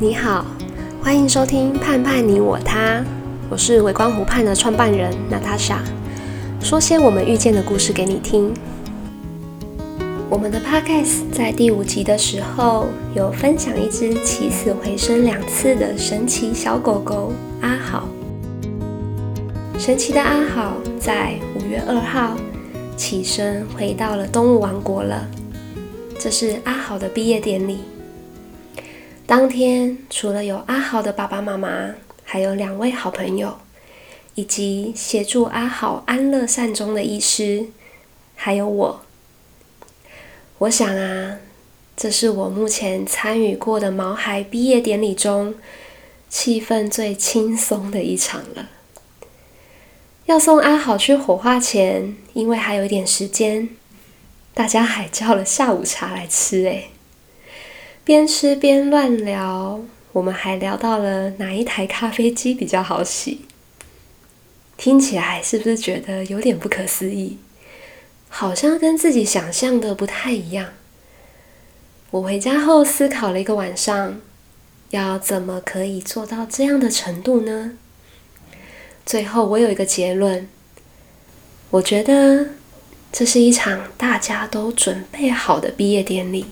你好，歡迎收聽《盼盼你我他》，我是微光湖盼的創辦人娜塔莎，說些我們遇見的故事給你聽。我們的 Podcast 在第五集的時候有分享一隻起死回生兩次的神奇小狗狗阿好。神奇的阿好在五月二號起身回到了動物王國了，這是阿好的畢業典禮。當天除了有阿好的爸爸媽媽，還有兩位好朋友，以及協助阿好安樂善終的醫師，還有我。我想啊，這是我目前參與過的毛孩畢業典禮中氣氛最輕鬆的一場了。要送阿好去火化前，因為還有一點時間，大家還叫了下午茶來吃哎、欸。邊吃邊亂聊，我們還聊到了哪一台咖啡機比較好洗。聽起來是不是覺得有點不可思議？好像跟自己想象的不太一樣。我回家後思考了一個晚上，要怎麼可以做到這樣的程度呢？最後我有一個結論，我覺得這是一場大家都準備好的畢業典禮。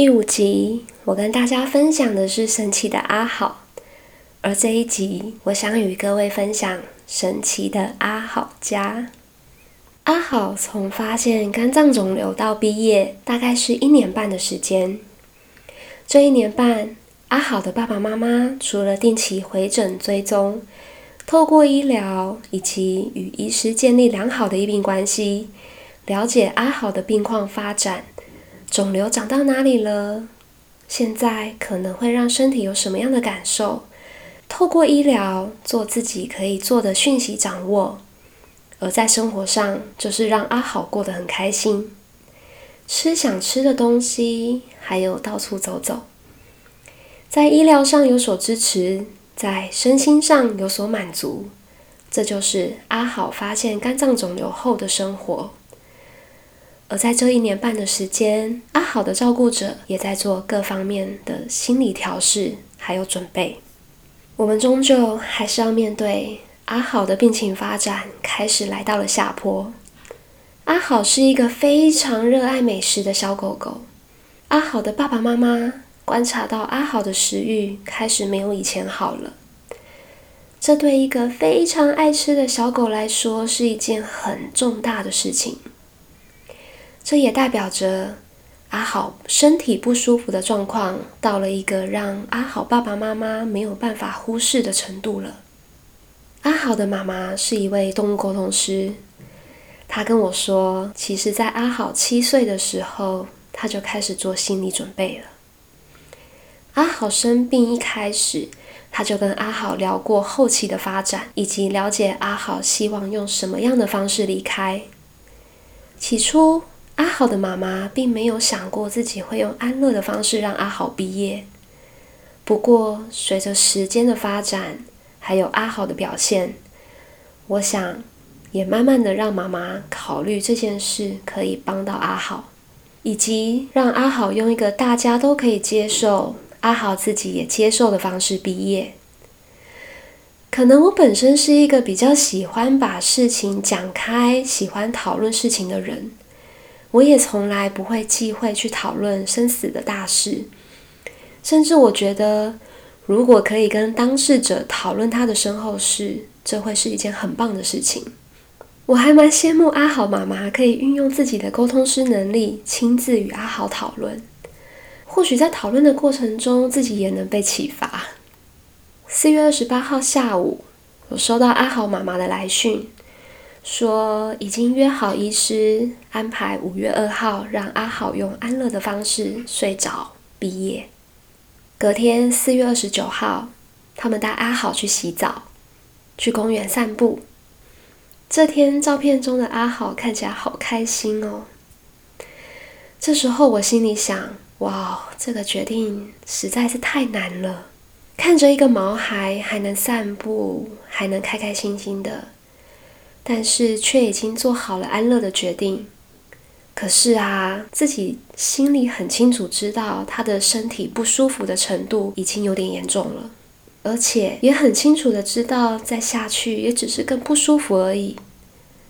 第五集，我跟大家分享的是神奇的阿好，而這一集，我想與各位分享神奇的阿好家。阿好從發現肝臟腫瘤到畢業，大概是一年半的時間。這一年半，阿好的爸爸媽媽除了定期回診追蹤，透過醫療以及與醫師建立良好的醫病關係，了解阿好的病況發展。腫瘤長到哪裡了？現在可能會讓身體有什麼樣的感受？透過醫療做自己可以做的訊息掌握，而在生活上就是讓阿好過得很開心，吃想吃的東西，還有到處走走，在醫療上有所支持，在身心上有所滿足，這就是阿好發現肝臟腫瘤後的生活。而在這一年半的時間，阿好的照顧者也在做各方面的心理調適，還有準備。我們終究還是要面對阿好的病情發展，開始來到了下坡。阿好是一個非常熱愛美食的小狗狗。阿好的爸爸媽媽觀察到阿好的食欲開始沒有以前好了，這對一個非常愛吃的小狗來說是一件很重大的事情。這也代表着阿好身體不舒服的狀況到了一個讓阿好爸爸媽媽沒有辦法忽視的程度了。阿好的媽媽是一位動物溝通師，她跟我說，其實，在阿好七歲的時候，她就開始做心理準備了。阿好生病一開始，她就跟阿好聊過後期的發展，以及了解阿好希望用什麼樣的方式離開。起初，阿好的媽媽並沒有想過自己會用安樂的方式讓阿好畢業。不過，隨着時間的發展，還有阿好的表現，我想也慢慢的讓媽媽考慮這件事可以幫到阿好，以及讓阿好用一個大家都可以接受、阿好自己也接受的方式畢業。可能我本身是一個比較喜歡把事情講開、喜歡討論事情的人。我也從來不會忌諱去討論生死的大事，甚至我覺得，如果可以跟當事者討論他的身後事，這會是一件很棒的事情。我還蠻羨慕阿好媽媽可以運用自己的溝通師能力，親自與阿好討論。或許在討論的過程中，自己也能被啟發。四月二十八號下午，我收到阿好媽媽的來訊。說已經約好醫師安排五月二號讓阿好用安樂的方式睡着畢業。隔天四月二十九號，他們帶阿好去洗澡，去公園散步。這天照片中的阿好看起來好開心哦。這時候我心裡想：哇，這個決定實在是太難了。看着一個毛孩還能散步，還能開開心心的。但是卻已經做好了安樂的決定。可是啊，自己心裡很清楚，知道他的身體不舒服的程度已經有點嚴重了，而且也很清楚的知道再下去也只是更不舒服而已。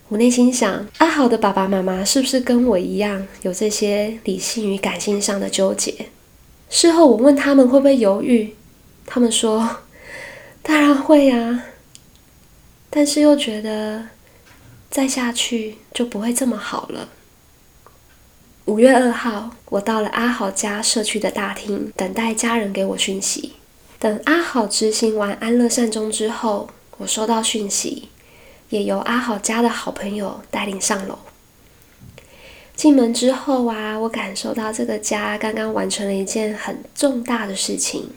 我內心想，阿好的爸爸媽媽是不是跟我一樣有這些理性與感性上的糾結？事後我問他們會不會猶豫，他們說當然會呀、啊，但是又覺得。再下去就不會這麼好了。五月二號，我到了阿好家社區的大廳，等待家人給我訊息。等阿好執行完安樂善終之後，我收到訊息，也由阿好家的好朋友帶領上樓。進門之後啊，我感受到這個家剛剛完成了一件很重大的事情。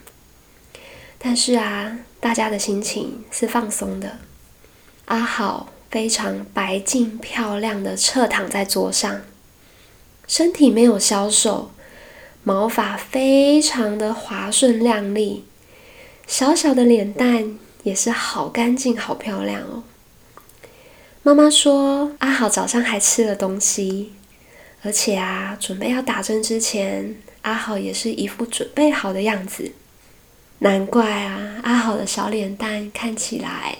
但是啊，大家的心情是放鬆的。阿好。非常白淨漂亮的側躺在桌上，身體沒有消瘦，毛髮非常的滑順亮麗，小小的臉蛋也是好乾淨好漂亮哦。媽媽說阿好早上還吃了東西，而且啊，準備要打針之前，阿好也是一副準備好的樣子，難怪啊，阿好的小臉蛋看起來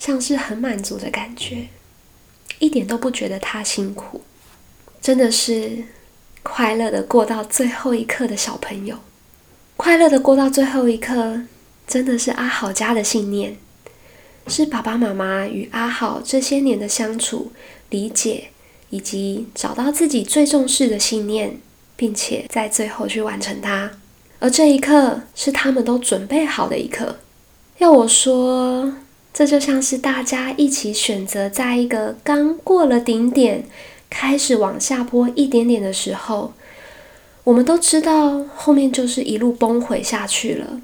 像是很滿足的感覺，一點都不覺得他辛苦，真的是快樂的過到最後一刻的小朋友，快樂的過到最後一刻，真的是阿好家的信念，是爸爸媽媽與阿好這些年的相處、理解以及找到自己最重視的信念，並且在最後去完成它。而這一刻，是他們都準備好的一刻，要我說。這就像是大家一起選擇，在一個剛過了頂點，開始往下坡一點點的時候，我們都知道後面就是一路崩毀下去了。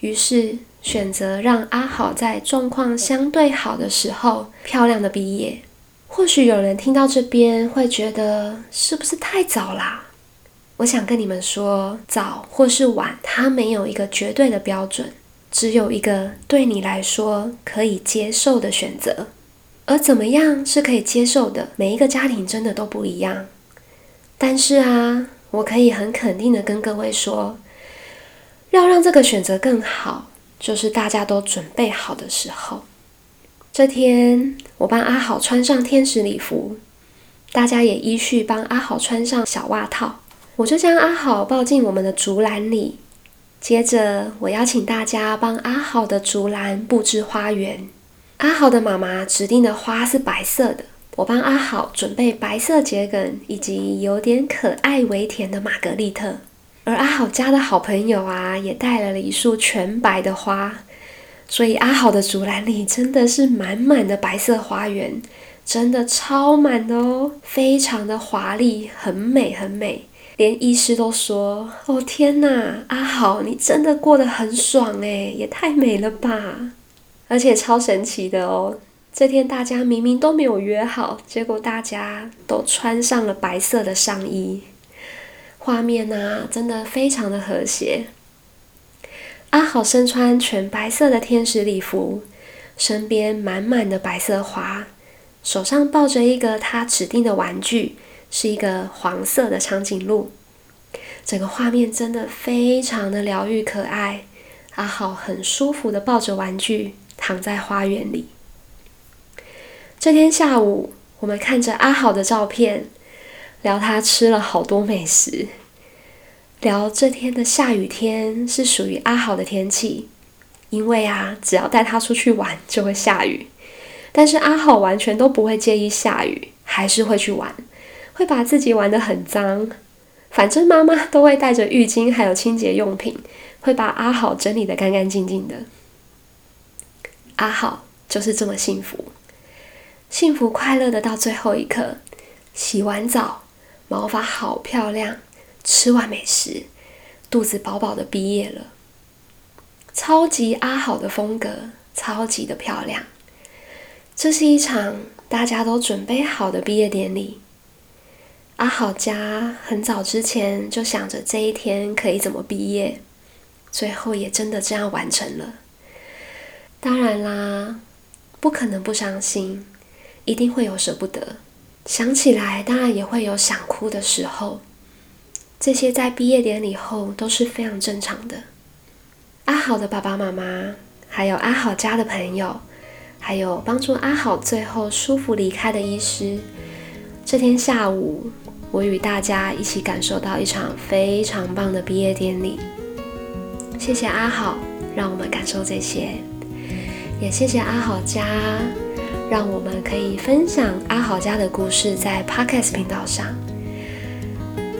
於是選擇讓阿好在狀況相對好的時候，漂亮的畢業。或許有人聽到這邊會覺得，是不是太早啦啊？我想跟你們說，早或是晚，它沒有一個絕對的標準。只有一個對你來說可以接受的選擇，而怎麼樣是可以接受的？每一個家庭真的都不一樣。但是啊，我可以很肯定的跟各位說，要讓這個選擇更好，就是大家都準備好的時候。這天，我幫阿好穿上天使禮服，大家也依序幫阿好穿上小襪套，我就將阿好抱進我們的竹籃裡。接着，我邀請大家幫阿好的竹籃布置花園。阿好的媽媽指定的花是白色的，我幫阿好準備白色桔梗以及有點可愛微甜的瑪格麗特。而阿好家的好朋友啊，也帶來了一束全白的花，所以阿好的竹籃裡真的是滿滿的白色花園，真的超滿的哦，非常的華麗，很美很美。連醫師都說：“哦，天哪，阿好，你真的過得很爽哎，欸，也太美了吧！而且超神奇的哦。這天大家明明都沒有約好，結果大家都穿上了白色的上衣，畫面呢、啊，真的非常的和諧。阿好身穿全白色的天使禮服，身邊滿滿的白色花，手上抱着一個他指定的玩具。”是一個黃色的長頸鹿，整個畫面真的非常的療癒、可愛。阿好很舒服的抱着玩具，躺在花園裡。這天下午，我們看着阿好的照片，聊他吃了好多美食，聊這天的下雨天是屬於阿好的天氣，因為啊，只要帶他出去玩就會下雨，但是阿好完全都不會介意下雨，還是會去玩。會把自己玩得很髒，反正媽媽都會帶着浴巾還有清潔用品，會把阿好整理得乾乾淨淨的。阿好就是這麼幸福，幸福快樂的到最後一刻，洗完澡，毛髮好漂亮，吃完美食，肚子飽飽的畢業了，超級阿好的風格，超級的漂亮。這是一場大家都準備好的畢業典禮。阿好家很早之前就想着這一天可以怎麼畢業，最後也真的這樣完成了。當然啦，不可能不傷心，一定會有舍不得。想起來，當然也會有想哭的時候，這些在畢業典禮後都是非常正常的。阿好的爸爸媽媽，還有阿好家的朋友，還有幫助阿好最後舒服離開的醫師，這天下午，我與大家一起感受到一場非常棒的畢業典禮，謝謝阿好，讓我們感受這些，也謝謝阿好家，讓我們可以分享阿好家的故事在 Podcast 頻道上。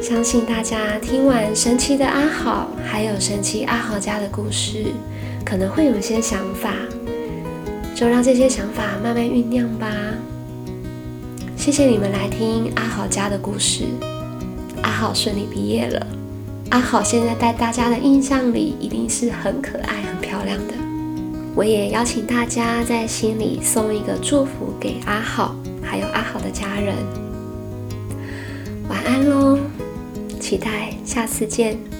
相信大家聽完神奇的阿好，還有神奇阿好家的故事，可能會有一些想法，就讓這些想法慢慢醞釀吧。謝謝你們來聽阿好家的故事。阿好順利畢業了，阿好現在在大家的印象裡一定是很可愛、很漂亮的。我也邀請大家在心裡送一個祝福給阿好，還有阿好的家人。晚安嘍，期待下次見。